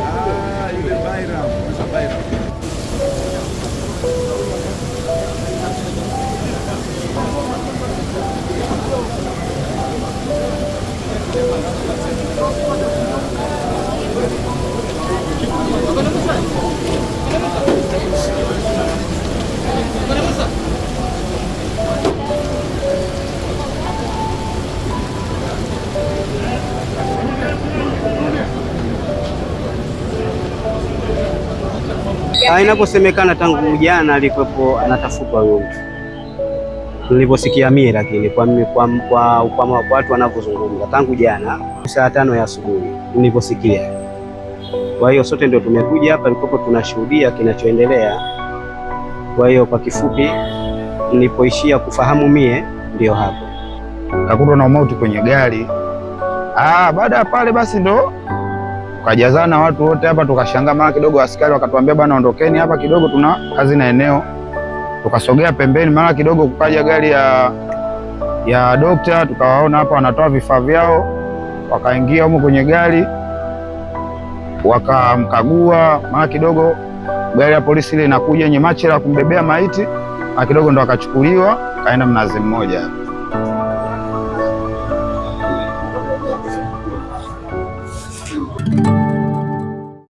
Ah, yule Bayram. Ah, inaposemekana tangu jana alikuwepo anatafutwa huyo mtu, niliposikia mie, lakini kwa watu wanavyozungumza tangu jana saa tano ya asubuhi niliposikia kwa hiyo sote ndio tumekuja hapa nikopo, tunashuhudia kinachoendelea. Kwa hiyo kwa kifupi, nilipoishia kufahamu mie ndio hapo kakutwa na umauti kwenye gari. Ah, baada ya pale basi ndo tukajazana watu wote hapa, tukashangaa. Mara kidogo askari wakatuambia, bana ondokeni hapa kidogo, tuna kazi na eneo. Tukasogea pembeni, mara kidogo kukaja gari ya ya dokta, tukawaona hapa wanatoa vifaa vyao, wakaingia humo kwenye gari wakamkagua, maana kidogo gari ya polisi ile inakuja yenye machela ya kumbebea maiti, na kidogo ndo akachukuliwa kaenda Mnazi Mmoja.